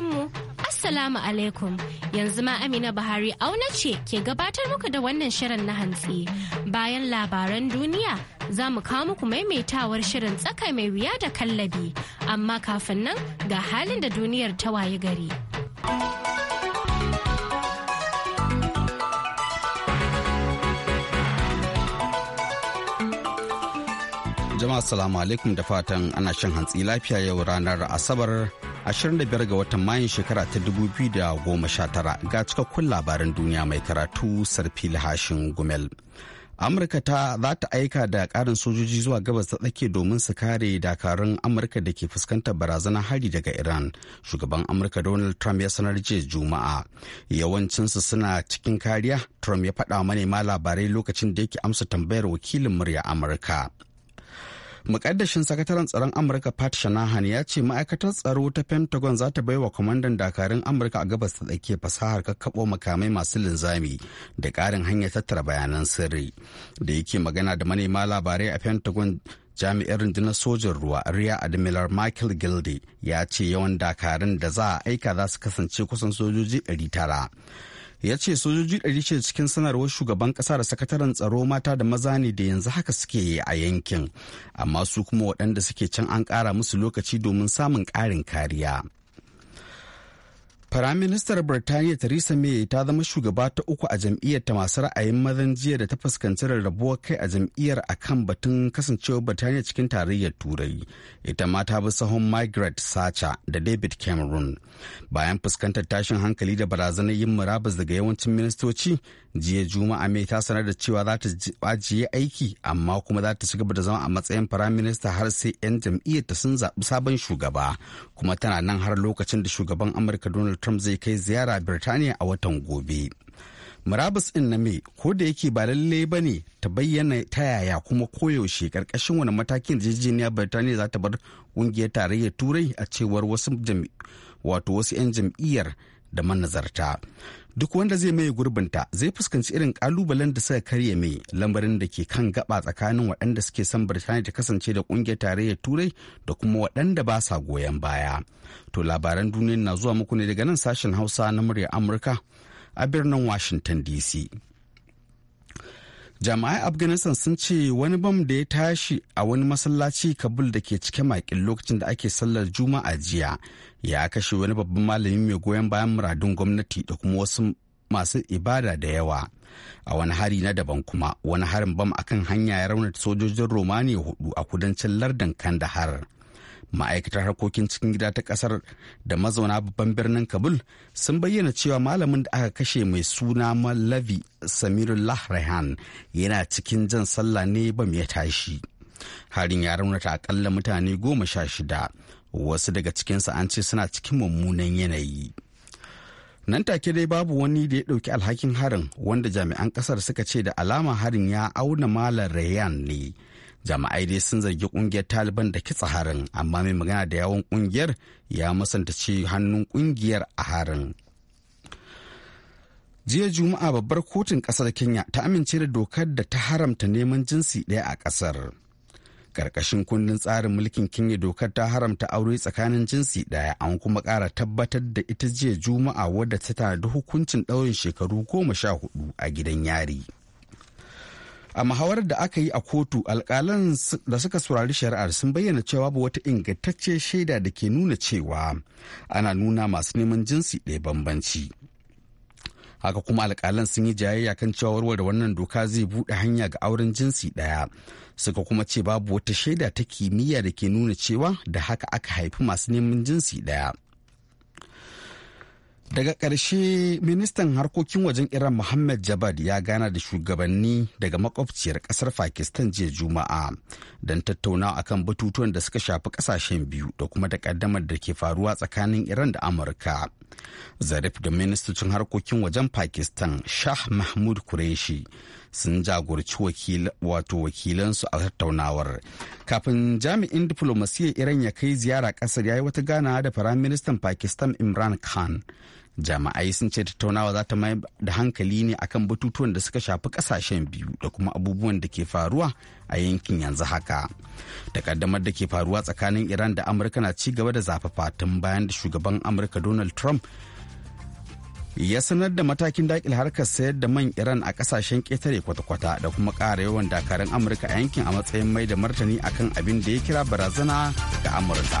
mu Assalamu alaikum yanzu ma Amina Buhari auna ce ke gabatar muku da wannan shirin na hantsi bayan labaran duniya za mu kawo muku maimaitawar shirin tsaka mai wuya da kallabi amma kafin nan ga halin da duniyar ta waye gari. Jama'a salamu alaikum da fatan ana shan hantsi lafiya yau ranar Asabar 25 ga watan mayun shekara ta 2019 ga cikakkun labaran duniya mai karatu sarfi lahashin gumel amurka ta za ta aika da karin sojoji zuwa gabas ta tsake domin su kare dakarun amurka da ke fuskantar barazanar hari daga iran shugaban amurka donald trump ya sanar jiya juma'a yawancinsu suna cikin kariya trump ya faɗa manema labarai lokacin da yake amsa tambayar wakilin murya amurka mukaddashin sakataren tsaron amurka pat shanahan ya ce ma'aikatar tsaro ta pentagon za ta baiwa kwamandan dakarun amurka a gabas ta tsakiya fasahar kakkaɓo makamai masu linzami da ƙarin hanyar tattara bayanan sirri da yake magana da manema labarai a pentagon jami'ar rundunar sojin ruwa riya admiral michael gilde ya ce yawan dakarun da za a aika za su kasance kusan sojoji 900 ya ce sojoji ɗari ce cikin sanarwar shugaban ƙasa da sakataren tsaro mata da maza ne da yanzu haka suke yi a yankin amma su kuma waɗanda suke can an ƙara musu lokaci domin samun ƙarin kariya Firaministar Birtaniya Theresa May ta zama shugaba ta uku a jam'iyyar ta masu ra'ayin mazan jiya da ta fuskanci rarrabuwar kai a jam'iyyar a kan batun kasancewar Birtaniya cikin tarayyar Turai. Ita ma ta bi sahun Margaret Thatcher da David Cameron. Bayan fuskantar tashin hankali da barazanar yin murabus daga yawancin ministoci, jiya Juma'a May ta sanar da cewa za ta ajiye aiki amma kuma za ta ci gaba da zama a matsayin firaminista har sai 'yan jam'iyyar ta sun zaɓi sabon shugaba. Kuma tana nan har lokacin da shugaban Amurka Donald Trump zai kai ziyara Birtaniya a watan gobe. Murabus ɗin na me ko da yake ba lalle ba ne ta bayyana ta yaya kuma koyaushe ƙarƙashin wani matakin jijiniya Birtaniya za ta bar ƙungiyar tarayyar Turai a cewar wato wasu 'yan jam'iyyar da manazarta. duk wanda zai maye gurbinta zai fuskanci irin kalubalen da suka karya mai lambarin da ke kan gaba tsakanin waɗanda suke son birtaniya ta kasance da ƙungiyar tarayyar turai da kuma waɗanda ba sa goyon baya to labaran duniya na zuwa muku ne daga nan sashen hausa na murya amurka a birnin washington dc jama'ai afghanistan sun ce wani bam da ya tashi a wani masallaci kabul da ke cike makin lokacin da ake sallar juma'a jiya ya kashe wani babban malami mai goyon bayan muradun gwamnati da kuma wasu masu ibada da yawa a wani hari na daban kuma wani harin bam akan hanya ya raunata sojojin romani hudu a kudancin lardin kandahar ma'aikatar harkokin cikin gida ta kasar da mazauna babban birnin kabul sun bayyana cewa malamin da aka kashe mai suna malavi samirullah rehan yana cikin jan sallah ne bam ya tashi harin ya raunata akalla mutane goma sha shida wasu daga cikinsu an ce suna cikin mummunan yanayi nan take dai babu wani da ya ɗauki alhakin harin wanda jami'an ƙasar suka ce da alama harin ya auna malar rayan ne Jama'ai dai sun zargi ƙungiyar taliban da kitsa harin amma mai magana da yawon ƙungiyar ya musanta hannun ƙungiyar a harin jiya juma'a babbar kotun ƙasar kenya ta amince da dokar da ta haramta neman jinsi ɗaya a ƙasar. karkashin kundin tsarin mulkin kinye dokar ta haramta aure tsakanin jinsi ɗaya an kuma kara tabbatar da ita jiya juma'a wadda ta tanadi hukuncin ɗaurin shekaru goma sha hudu a gidan yari a muhawarar da aka yi a kotu alkalan da suka saurari shari'ar sun bayyana cewa ba wata ingantacciyar shaida da ke nuna cewa ana nuna masu neman jinsi ɗaya bambanci haka kuma alkalan sun yi jayayya kan cewa warware wannan doka zai bude hanya ga auren jinsi ɗaya suka kuma ce babu wata shaida ta kimiyya da ke nuna cewa da haka aka haifi masu neman jinsi daya. daga ƙarshe ministan harkokin wajen iran muhammad jabad ya gana da shugabanni daga makwabciyar ƙasar pakistan jiya juma'a don tattaunawa akan batutuwan da suka shafi ƙasashen biyu da kuma takaddamar da ke faruwa tsakanin iran da amurka zarif da ministocin harkokin wajen pakistan shah mahmud kureshi sun jagorci wato wakilansu a tattaunawar kafin jami'in diflomasiyyar iran ya kai ziyara kasar ya yi wata ganawa da firaministan pakistan imran khan jami'ai sun ce tattaunawa za ta mai da hankali ne akan batutuwan da suka shafi kasashen biyu da kuma abubuwan da ke faruwa a yankin yanzu haka takaddamar da ke faruwa tsakanin iran da amurka na ci gaba da zafafa tun bayan da shugaban amurka donald trump ya sanar da matakin dakil harkar sayar da man iran a kasashen ƙetare kwata-kwata da kuma ƙara yawan dakarun amurka a yankin a matsayin mai da martani akan abin da ya kira barazana ga amurka.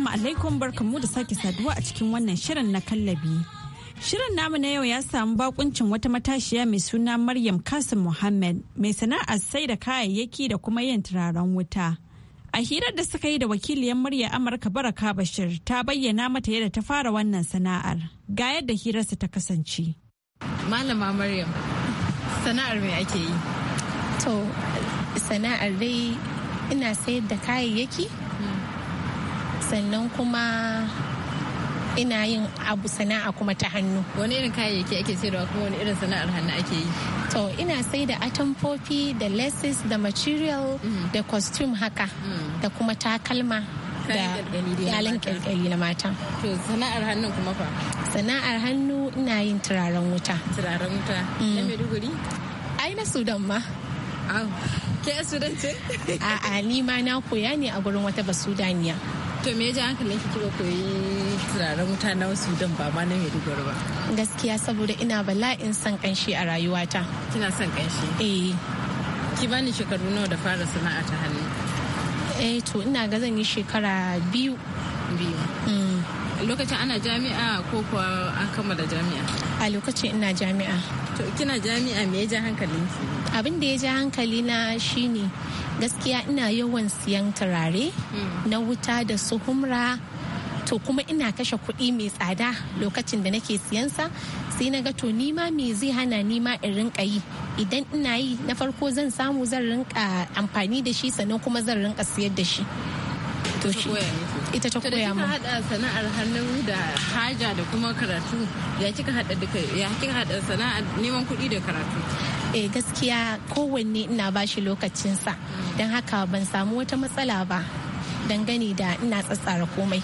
Assalamu alaikum barkanmu da sake saduwa a cikin wannan shirin na kallabi. Shirin namu na yau ya samu bakuncin wata matashiya mai suna Maryam Kasim Muhammad mai sana'ar sai da kayayyaki da kuma yin turaren wuta. A hirar da suka yi da wakiliyar murya Amurka Baraka Bashir ta bayyana mata yadda ta fara wannan sana'ar. Ga yadda hirarsa ta kasance. Malama Maryam, sana'ar me ake yi? To, sana'ar dai ina sayar da kayayyaki sannan kuma ina yin abu sana'a kuma ta hannu wani irin kayayyaki ake sayarwa kuma wani irin sana'ar hannu ake yi to ina sai da atamfofi da laces da material mm-hmm. da costume haka mm-hmm. da kuma takalma da yalin kyalkyali na mata to sana'ar hannun kuma fa sana'ar hannu ina yin turaren wuta turaren wuta mm. na maiduguri ai na sudan ma ke sudan ce a'a ni ma na koya ne a gurin wata basudaniya To me ya hankalin ki kika koyi turaren wuta na Sudan ba ma na Maiduguri ba? Gaskiya saboda ina bala'in son kanshi a rayuwata. Kina son kanshi? Eh. Ki bani shekaru nawa da fara sana'a ta hannu? Eh to ina ga zan yi shekara biyu. Biyu. Mm. lokacin ana jami'a ko kuwa an kammala jami'a a lokacin ina jami'a to kina jami'a me ya ja hankali. abin da ya ja hankali na shine gaskiya ina yawan siyan turare hmm. na wuta da su humra to kuma ina kashe kuɗi mai tsada lokacin da nake siyansa sai na ga to nima me zai hana nima in rinka yi idan ina yi na farko zan samu zan rinka amfani da shi sannan kuma zan rinka siyar da shi to shi ita ta koya mu. Da kika hada sana'ar hannu da haja da kuma karatu ya kika hada duka ya kika hada sana'ar neman kuɗi da karatu. Eh gaskiya kowanne ina bashi shi lokacinsa mm. don haka ban samu wata matsala ba dangane da ina tsatsara komai.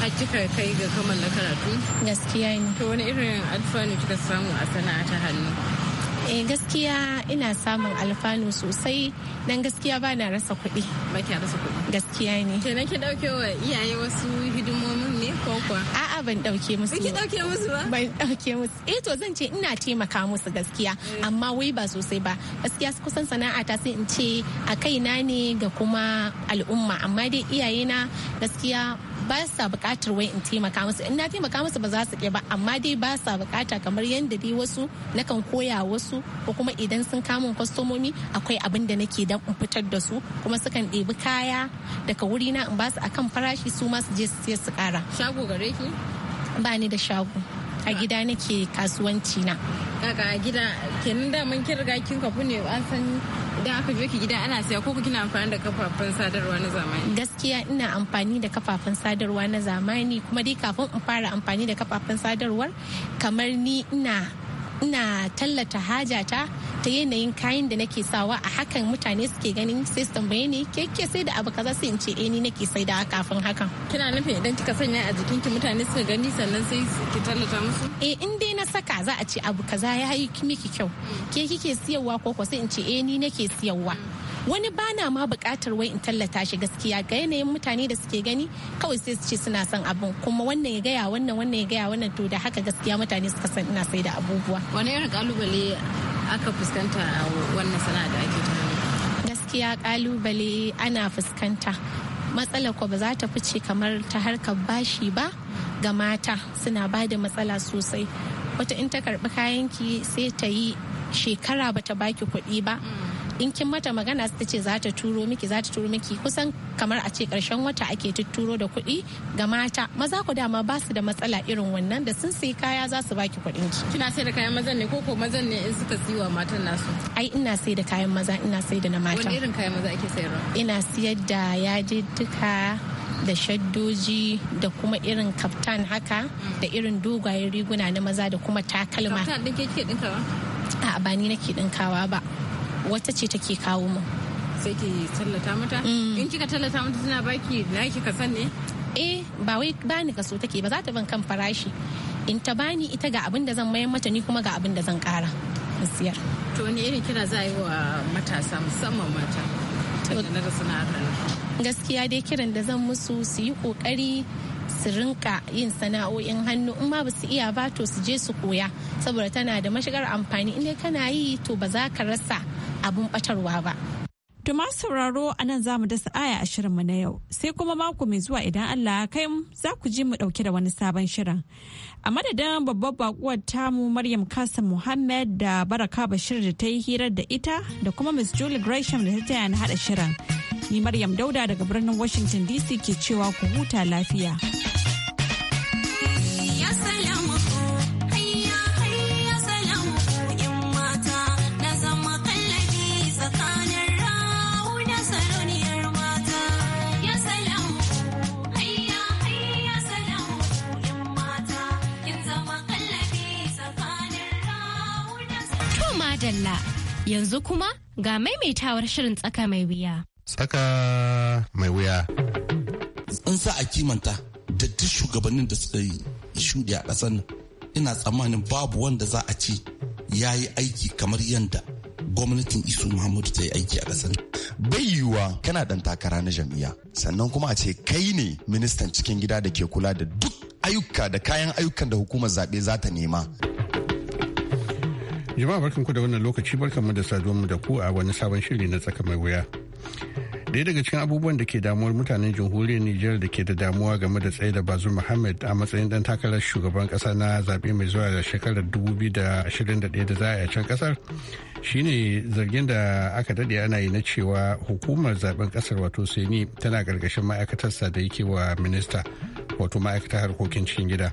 Har kika kai ga kammala karatu? Gaskiya ne. To wani irin alfanu kika samu a sana'a ta hannu? eh gaskiya ina samun alfanu sosai dan gaskiya ba na rasa kuɗi ba ki rasa kuɗi gaskiya ne na ki dauke wa iyaye wasu hidimomin ne ko kuwa a'a ban dauke musu ki dauke musu ba ban dauke musu eh to zan ce ina taimaka musu gaskiya eh. amma wai ba sosai ba gaskiya kusan sana'a ta sai in ce a kaina ne ga kuma al'umma amma dai iyayena gaskiya ba sa bukatar wai in taimaka musu in na taimaka musu ba za su ke ba amma dai ba sa bukata kamar yadda dai wasu nakan koya wasu ko kuma idan sun kamun kwastomomi akwai abin da nake dan in fitar da su kuma sukan ɗebi kaya daga wuri na in ba su akan farashi su ma su je su siya su kara shago gare ki ba ni da shago a gida nake kasuwanci na kaka a gida kenan da mun kirga kin kafu ne an san idan aka je ki gida ana saya ko kina amfani da kafafen sadarwa na zamani gaskiya ina amfani da kafafen sadarwa na zamani kuma dai kafin in fara amfani da kafafen sadarwar kamar ni ina ina tallata hajata ta yanayin kayan da nake sawa a hakan mutane suke ganin sai su tambaye sai da abu kaza sai in ce eh, ni nake sai da kafin hakan kina nufin idan kika sanya a jikin ki mutane suka gani sannan sai ki tallata musu eh in dai na saka za a ce abu kaza ya yi miki kyau ke kike siyarwa ko ko sai in ce eh, ni nake siyarwa wani bana ma bukatar wai in tallata shi gaskiya ga yanayin mutane da suke gani kawai sai su ce suna son abin kuma wannan ya gaya wannan wannan ya gaya wannan to da haka gaskiya mutane suka san ina sai da abubuwa wani irin kalubale aka fuskanta a wannan sana'a da ake gaskiya kalubale ana fuskanta matsala ko ba za ta fice kamar ta harkar bashi ba ga mata suna ba da matsala sosai wata in ta karbi kayanki sai ta yi shekara bata baki kuɗi ba mm. in kin mata magana ta ce za ta turo miki za ta turo miki kusan kamar a ce karshen wata ake tutturo da kuɗi ga mata maza ku dama ba su da matsala irin wannan da sun sayi kaya za su baki kuɗin ki kina sai da kayan mazan ne ko ko mazan ne in suka siwa matan nasu ai ina sai da kayan maza ina sai da na mata wani irin kayan maza ake sayarwa ina siyar da duka da shaddoji da kuma irin kaftan haka da irin dogayen riguna na maza da kuma takalma kaftan din ke dinkawa a ba ni nake dinkawa ba wata ce take kawo mu sai ki tallata mata mm. in kika tallata mata tana baki na kika san ne eh ba wai bani kaso take ba za ta ban kan farashi in ta bani ita ga abin da zan mayar mata ni kuma ga abin da zan kara siyar to ne irin kira za a yi wa matasa musamman mata da gaskiya dai kiran da zan musu su yi kokari su rinka yin sana'o'in hannu in ma ba su iya ba to su je su koya saboda tana da mashigar amfani inda kana yi to ba za ka rasa abun batarwa ba. Tuma sauraro a nan za mu dasa aya a shirinmu na yau sai kuma mako mai zuwa idan Allah ya kai za ku ji mu dauke da wani sabon shirin. A madadin babbar bakuwar tamu Maryam Kasim Muhammad da Baraka Bashir da ta yi hirar da ita da kuma Miss Julie Gresham da ta taya na haɗa shirin. Ni Maryam Dauda daga birnin Washington DC ke cewa ku huta lafiya. Yanzu kuma ga maimaitawar shirin tsaka mai wuya. Tsaka mai wuya. in sa a kimanta da duk shugabannin da suka yi shuɗi a ƙasar nan. Ina tsammanin babu wanda za a ce ya yi aiki kamar yadda gwamnatin isu muhammadu ta yi aiki a ƙasar bai yiwuwa kana ɗan takara na jam'iyya sannan kuma a ce kai ne ministan cikin gida da ke kula da duk ayyuka da kayan ayyukan da hukumar zaɓe za ta nema Jama'a barkanku da wannan lokaci barkanmu da mu da ku a wani sabon shiri na tsaka mai wuya. Daya daga cikin abubuwan da ke damuwar mutanen jamhuriyar Nijar da ke da damuwa game da tsaye da Bazoum Muhammad a matsayin dan takarar shugaban kasa na zaɓe mai zuwa da shekarar 2021 da za a yi a can kasar shine zargin da aka daɗe ana yi na cewa hukumar zaben kasar wato Seni tana ƙarƙashin ma'aikatarsa da yake wa minista wato ma'aikatar harkokin cikin gida.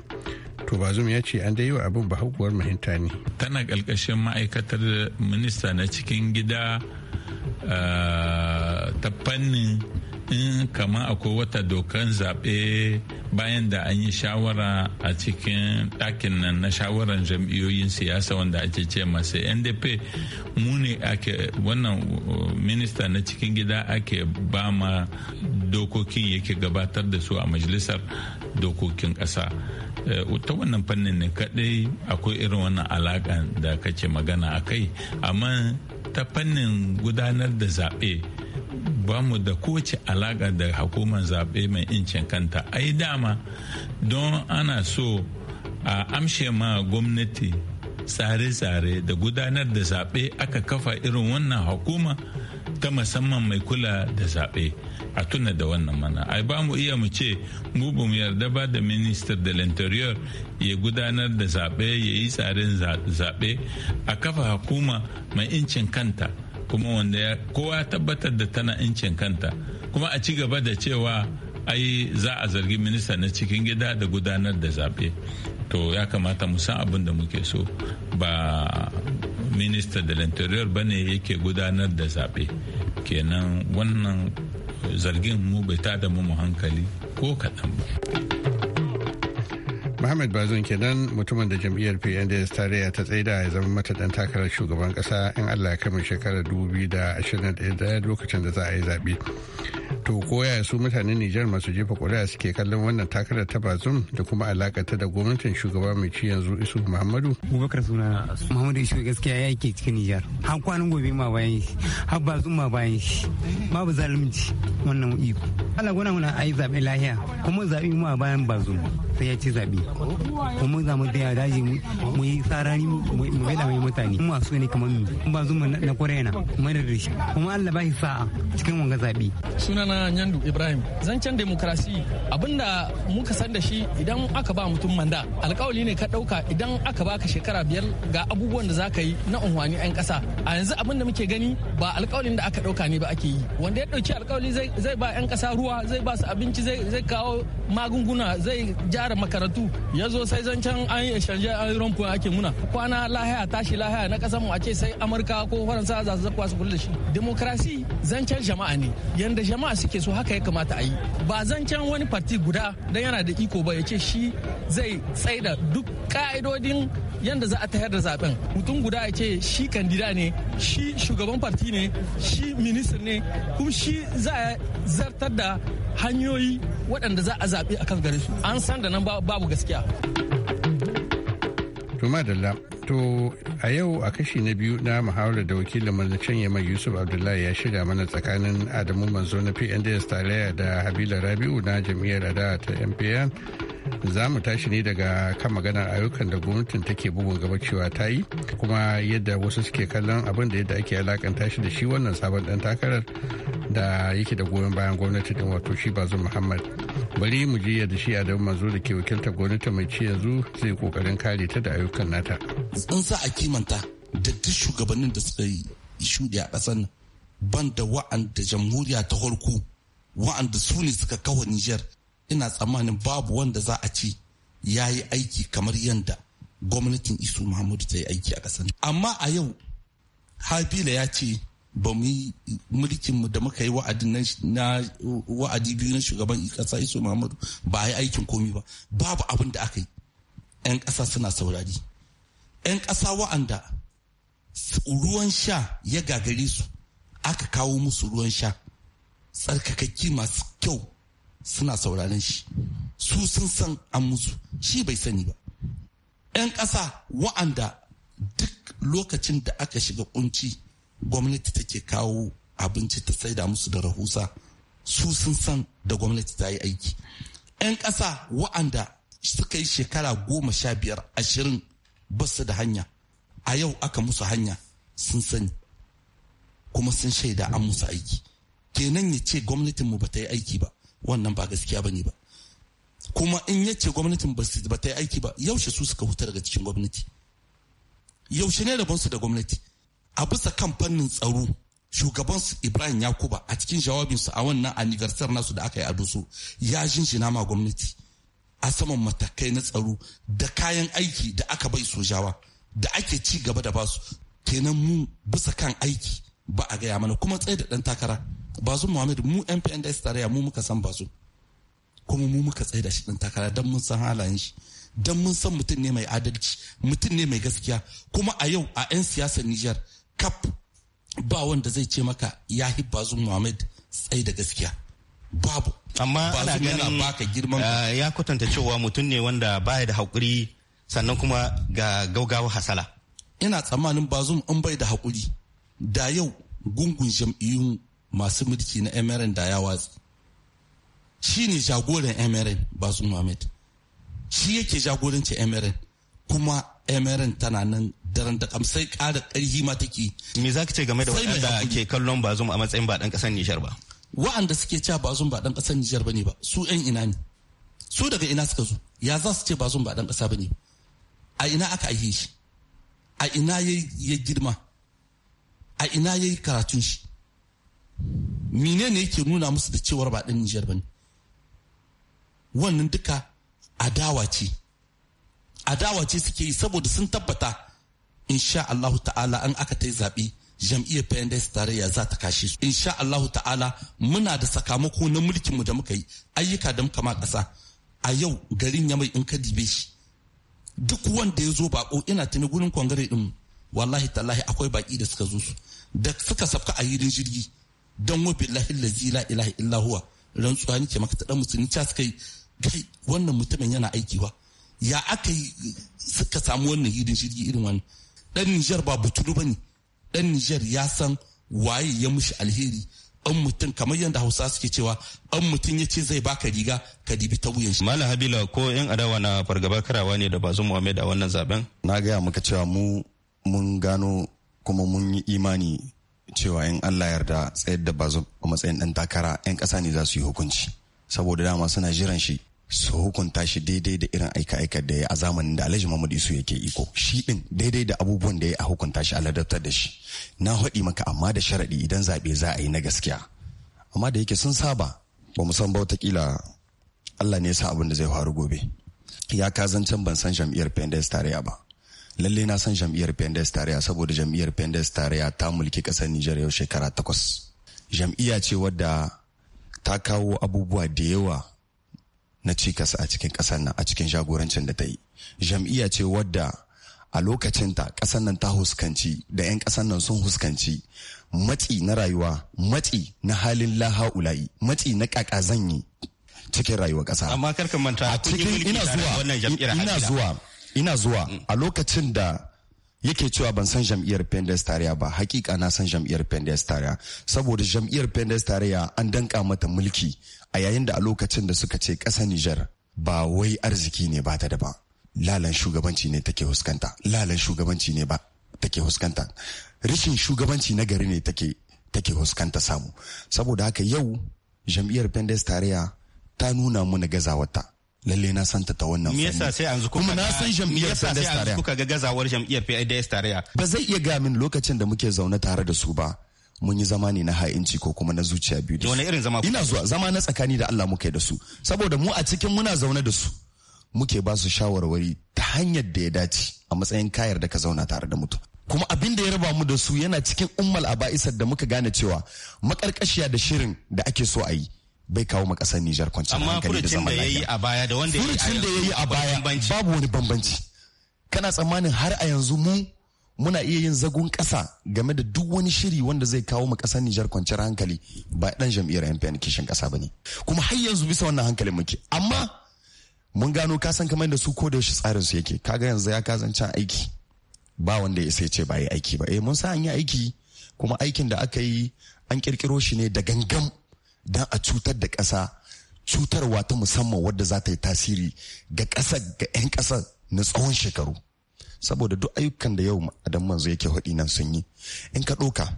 to bazum ya ce an wa abin bahaguwar mahinta ne tana ƙarƙashin ma'aikatar minista na cikin gida ah, ta fannin in kama akwai wata dokan zaɓe bayan da an yi shawara a cikin ɗakin nan na shawarar jam'iyyoyin siyasa wanda ake ce masu ndp mu ne ake wannan uh, minista na cikin gida ake ba ma dokokin yake gabatar da su a majalisar dokokin ƙasa uh, ta wannan fannin ne kaɗai akwai irin wannan alaƙa da kake magana a kai amma ta fannin gudanar da zaɓe ba mu da kowace alaƙa da hukumar zaɓe mai incin kanta yi dama don ana so a amshe ma gwamnati tsare-tsare da gudanar da zaɓe aka kafa irin wannan hukuma ta musamman mai kula da zaɓe a tuna da wannan mana ai ba mu iya mu ce mu ba mu yarda ba da minister da interior ya gudanar da zaɓe ya yi tsarin zaɓe a kafa hukuma mai incin kanta kuma wanda kowa ya tabbatar da tana incin kanta kuma a ci gaba da cewa ai za a zargi minista na cikin gida da gudanar da zaɓe to ya kamata mu san abin da muke so ba minista da l'interior ba ne yake gudanar da zaɓe kenan wannan zargin mu bai tada mu hankali ko kaɗan ba. Muhammad Bazoum kenan mutumin da jam'iyyar PNDS tarayya ta tsaida ya zama mata dan takarar shugaban kasa in Allah ya kama shekarar 2021 lokacin da za a yi zaɓe. To koya su mutanen Nijar masu jefa ƙuri'a suke kallon wannan takarar ta Bazoum da kuma alakata da gwamnatin shugaba mai ci yanzu Isu Muhammadu. Bubakar suna Muhammadu Isu gaskiya ya ke cikin Nijar. Har kwanan gobe ma bayan shi, har Bazoum ma bayan shi. Babu zalunci wannan iko. Allah gwana muna a yi zaɓe lahiya kuma zaɓe mu a bayan Bazoum. sai ya ci zaɓe ko mun za da tsaya daji mu yi tsarani mu gaida mai mutane mu masu ne kamar mu ba zu na kwarai na mai da rishi kuma Allah ba shi sa'a cikin wanga zaɓe. sunana nyandu ibrahim zancen demokrasi abinda muka san da shi idan aka ba mutum manda alkawali ne ka ɗauka idan aka baka shekara biyar ga abubuwan da za ka yi na unhwani 'yan ƙasa a yanzu abin da muke gani ba alkawalin da aka ɗauka ne ba ake yi wanda ya ɗauki alkawali zai ba 'yan ƙasa ruwa zai ba su abinci zai kawo magunguna zai ja share makarantu ya zo sai zancen an yi shanje an yi ake muna kwana lahiya tashi lahaya na kasan mu a ce sai amurka ko faransa za su zakwa su kula da shi demokrasi zancen jama'a ne yanda jama'a suke so haka ya kamata a yi ba zancen wani parti guda dan yana da iko ba ya ce shi zai tsaida duk ka'idodin yanda za a tayar da zaben mutum guda ya ce shi kandida ne shi shugaban farti ne shi minister ne kuma shi za a zartar da hanyoyi waɗanda za a zaɓi kan gare su an san da nan babu gaskiya to madalla to a yau a kashi na biyu na muhawarar da wakilin mallacan yamma yusuf abdullahi ya shirya mana tsakanin adamu manzo na pnds talaya da habila rabi'u na jam'iyyar adawa ta mpn za mu tashi ne daga kan maganar ayyukan da gwamnatin take bugun gaba cewa ta yi kuma yadda wasu suke kallon abin da yadda ake alakanta shi da shi wannan sabon dan takarar da yake da goyon bayan gwamnati din wato shi bazu muhammad bari mu je yadda shi adamu manzo da ke wakiltar gwamnati mai ci yanzu zai kokarin kare ta da ayyukan nata in sa a kimanta da duk shugabannin da suka yi shudi a ƙasar nan ban da wa'anda jamhuriya ta holku wa'anda su ne suka kawo Nijar ina tsammanin babu wanda za a ce ya yi aiki kamar yadda gwamnatin isu muhammadu ta yi aiki a ƙasar amma a yau habila ya ce ba mu yi mulkinmu da muka yi wa'adi biyu na shugaban ƙasa isu muhammadu ba a yi aikin komi ba babu abin da aka yi 'yan ƙasa suna saurari 'yan ƙasa wa'anda ruwan sha ya gagare su aka kawo musu ruwan sha tsarkakakki masu kyau suna sauraron shi su sun san an musu shi bai sani ba 'yan ƙasa wa'anda duk lokacin da aka shiga kunci gwamnati take kawo abinci ta sai da musu da rahusa su sun san da gwamnati ta yi aiki 'yan ƙasa wa'anda suka yi shekara goma sha biyar ashirin basu da hanya a yau aka musu hanya sun sani kuma sun shaida an musu aiki kenan ya ce gwamnatinmu ba ta yi aiki ba wannan ba gaskiya bane ba kuma in yace gwamnatin ba ta yi aiki ba yaushe su suka huta daga cikin gwamnati yaushe ne rabonsu da gwamnati a bisa kan fannin tsaro shugabansu ibrahim yakuba a cikin jawabinsu a wannan anniversar nasu da aka yi a dusu ya jinjina ma gwamnati a saman matakai na tsaro da kayan aiki da aka bai sojawa da ake ci gaba da basu kenan mu bisa kan aiki ba a gaya mana kuma tsaye da ɗan takara bazum Muhammed mu mpns tarayya mu muka san bazum kuma mu muka tsaye da shi ɗin takara don mun san halayen shi don mun san mutum ne mai adalci mutum ne mai gaskiya kuma a yau a 'yan siyasar niger kap ba wanda zai ce maka ya hi bazum Muhammed tsaye da gaskiya babu amma ana ganin baka girman eh, ya kwatanta cewa mutum ne wanda baya da haƙuri sannan kuma ga gaugawa hasala ina tsammanin bazum in bai da haƙuri da yau gungun jam'iyyun masu mulki na emirin da ya watsi shi ne jagoran emirin bazu muhammad shi yake jagoranci emirin kuma emirin tana nan daren da kamsai kara karhi ma take me za ka ce game da waɗanda ke kallon bazum a matsayin ba ɗan ƙasar nijar ba wa'anda suke cewa bazum ba ɗan ƙasar nijar ba ne ba su 'yan ina ne su daga ina suka zo ya za su ce bazum ba ɗan ƙasa ba ne a ina aka aihe shi a ina ya girma a ina ya yi karatun shi menene ne yake nuna musu da cewar ba ɗin Nijar ba ne wannan duka adawa ce adawa ce suke yi saboda sun tabbata insha Allahu ta'ala an aka ta yi zaɓe jam'iyyar PNDS tarayya za ta kashe su insha Allahu ta'ala muna da sakamako na mulkinmu da muka yi ayyuka da muka ma ƙasa a yau garin ya mai in ka dibe shi duk wanda ya zo bako ina tuni gurin kwangare din wallahi tallahi akwai baki da suka zo su da suka safka a hirin jirgi don wafi lahi lazi la ilaha illa huwa rantsuwa nake maka ta dan musulmi ta suka yi kai wannan mutumin yana aiki wa? ya aka yi suka samu wannan hidin shirgi irin wani? dan Nijar ba butulu bane dan Nijar ya san waye ya mushi alheri an mutum kamar yadda hausa suke cewa an mutum ya ce zai baka riga ka dibi ta wuyan shi. Malam Habila ko yan adawa na fargaba karawa ne da bazu Muhammad a wannan zaben? Na gaya muka cewa mu mun gano kuma mun yi imani cewa in Allah yarda tsayar da bazo a matsayin ɗan takara 'yan ƙasa ne za su yi hukunci saboda dama suna jiran shi su hukunta shi daidai da irin aika-aika da ya a zamanin da Alhaji Muhammad Isu yake iko shi din daidai da abubuwan da ya a hukunta shi ladabtar da shi na haɗi maka amma da sharaɗi idan zaɓe za a yi na gaskiya amma da yake sun saba ba mu san ba watakila Allah ne ya sa abin da zai faru gobe ya kazancen ban san jam'iyyar pendes tarayya ba lalle na san jam'iyyar pendes tarayya saboda jam'iyyar pendes tarayya ta mulki kasar nijar yau shekara takwas jam'iyya ce wadda ta kawo abubuwa da yawa na cikas a cikin kasar nan a cikin jagorancin da ta yi jam'iyya ce wadda a lokacin ta kasar nan ta huskanci da 'yan kasar nan sun huskanci matsi na rayuwa matsi na halin laha'ula'i matsi na kakazanyi cikin rayuwar kasa amma karkan manta a cikin ina zuwa ina zuwa ina zuwa a lokacin da yake cewa ban san jam'iyyar pendes tariya ba hakika na san jam'iyyar pendes tariya saboda jam'iyyar pendes tarayya an danka mata mulki a yayin da a lokacin da suka ce ƙasa Nijar ba wai arziki ne ba ta da ba lalan shugabanci ne take huskanta lalan shugabanci ne ba take huskanta rashin shugabanci na gari ne take take huskanta samu saboda haka yau jam'iyyar pendes tarayya ta nuna mana gazawarta lalle na san ta wannan me yasa sai yanzu kuma na san jam'iyyar PNDS tarayya kuka ga gazawar jam'iyyar PNDS tarayya ba zai iya ga min lokacin da muke zaune tare da su ba mun yi zama ne na ha'inci ko kuma na zuciya biyu da wani irin zama ina zuwa zama na tsakani da Allah yi da su saboda mu a cikin muna zaune da su muke ba su shawarwari ta hanyar da ya dace a matsayin kayar da ka zauna tare da mutum kuma abin da ya raba mu da su yana cikin ummal aba'isar da muka gane cewa makarkashiya da shirin da ake so a yi bai kawo ma kasar Nijar kwanciyar hankali da zaman lafiya. Amma furucin da yayi a baya da wanda a baya babu wani bambanci. Kana tsammanin har a yanzu mu muna iya yin zagon kasa game da duk wani shiri wanda zai kawo ma kasar Nijar kwanciyar hankali ba dan jam'iyyar MPN kishin kasa bane. Kuma har yanzu bisa wannan hankalin muke. Amma mun gano ka san kamar da su ko da yaushe tsarin su yake. Kaga yanzu ya kazancan aiki. Ba wanda ya sai ce ba yi aiki ba. Eh mun sa an yi aiki kuma aikin da aka yi an kirkiro shi ne da gangan don a cutar da ƙasa cutarwa ta musamman wadda za ta yi tasiri ga ƙasa ga 'yan ƙasa na tsawon shekaru saboda duk ayyukan da yau adam manzo yake haɗi nan sun yi in ka ɗoka,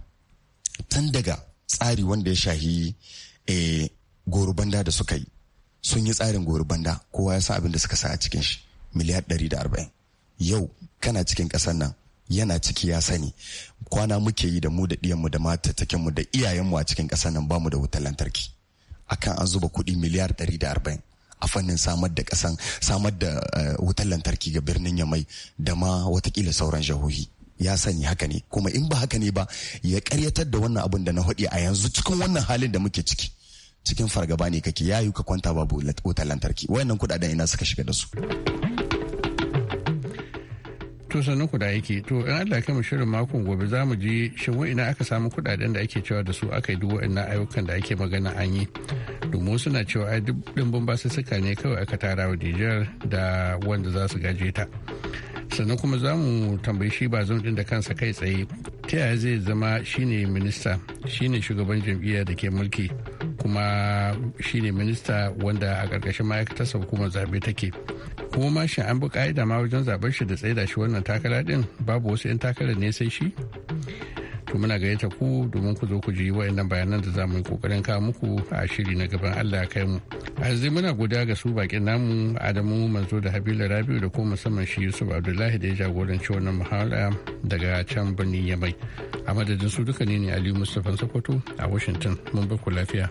tun daga tsari wanda ya shahi eh, gorubanda da suka yi sun yi tsarin gorubanda kowa ya san abin da suka sa a cikin shi miliyar ɗari da arba'in yau kana cikin ƙasar nan yana ciki ya sani kwana muke yi da mu da ɗiyanmu da mu da iyayenmu a cikin ƙasar nan bamu da wutar lantarki akan an zuba kuɗi miliyar ɗari da arba'in a fannin samar da ƙasan samar da eh, wutar lantarki ga birnin yamai da ma watakila sauran jahohi ya sani haka ne kuma in ba haka ne ba ya karyatar da wannan abun da na haɗi a yanzu cikin wannan halin da muke ciki cikin fargaba ne kake yayu ka kwanta babu wutar lantarki wayannan kuɗaɗen ina suka shiga da su. to sannan ku da yake to in Allah kai mu shirin makon gobe za mu je shin ina aka samu kudaden da ake cewa da su aka yi duk wa'annan ayyukan da ake magana an yi domin suna cewa ai duk dimbin basussuka ne kawai aka tara wa Dijar da wanda za su gaje ta sannan kuma za mu tambayi shi ba zan da kansa kai tsaye ta yaya zai zama shine minista shine shugaban jam'iyyar da ke mulki kuma shine minista wanda a ƙarƙashin ma'aikatar hukumar zaɓe take kuma ma shi an bi ka'ida ma wajen zaben shi da tsaida shi wannan takara din babu wasu 'yan takarar ne sai shi to muna gayyata ku domin ku zo ku ji wayannan bayanan da zamu yi kokarin kawo muku a shiri na gaban Allah ya kai mu azzi muna guda ga su bakin namu Adamu Manzo da Habila Rabiu da kuma musamman shi Yusuf Abdullahi da ya jagoranci wannan muhawara daga can birnin Yamai a madadin su duka ne ne Aliyu Mustapha Sokoto a Washington mun bar ku lafiya.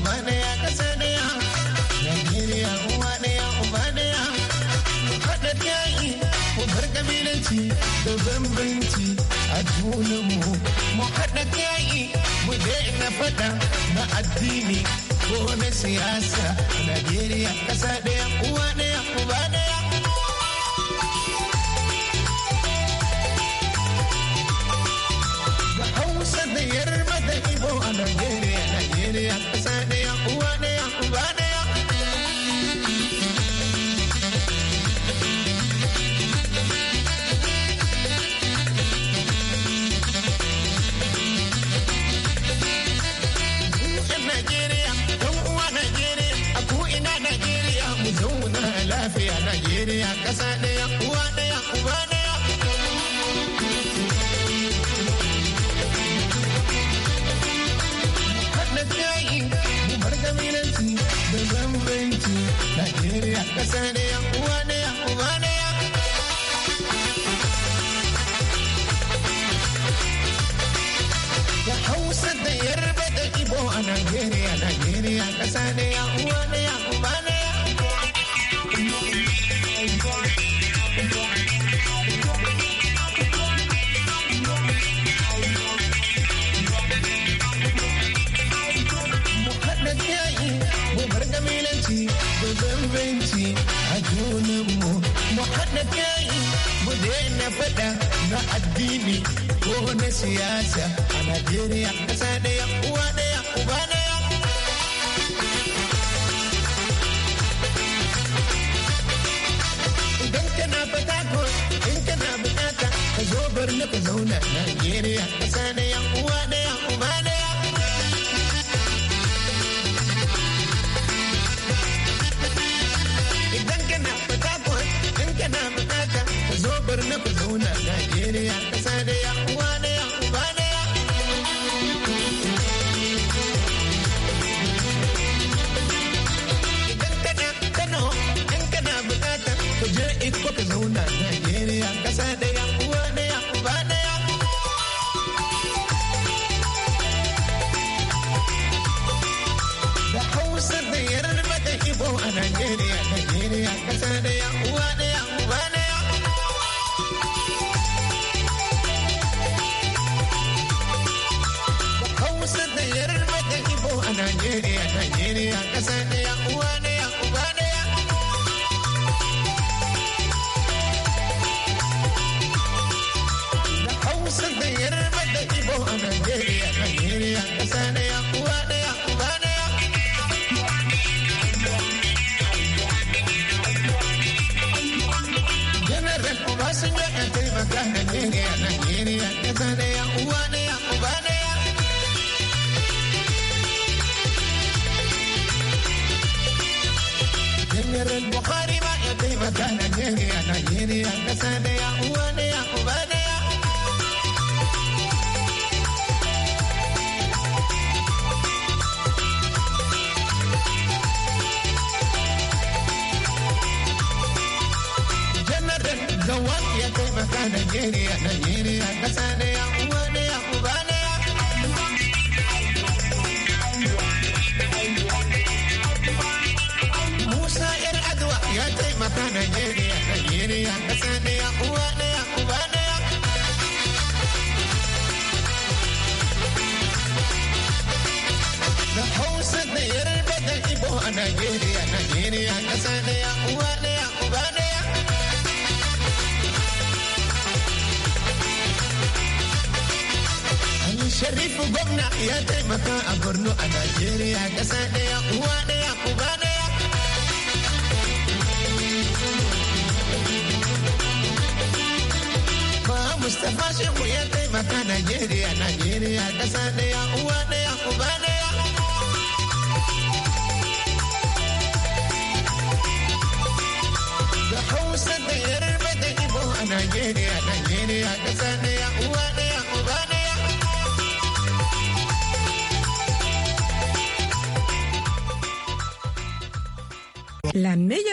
ci da bambanci a junanmu mu haɗa yayi mu daina faɗa na addini ko na siyasa Najeriya ƙasa ɗaya uwa ɗaya uba That's I am. Asia a Najeriya ƙasa ɗaya uwa ɗaya uba ɗaya. Idan kana fata ko in kana bukata ka zo bar na ka zauna Najeriya ƙasa ɗaya Najeriya ƙasa ɗaya uwa ɗaya uba ɗaya. Ali Sharifu gwamna ya taimaka a Borno a Najeriya ƙasa ɗaya uwa ɗaya uba ɗaya. Mustapha Shehu ya taimaka Najeriya, Najeriya ƙasa ɗaya uwa ɗaya uba ɗaya. Najeriya, Najeriya, ƙasa ɗaya, uwa ɗaya, uba ɗaya. La meilleure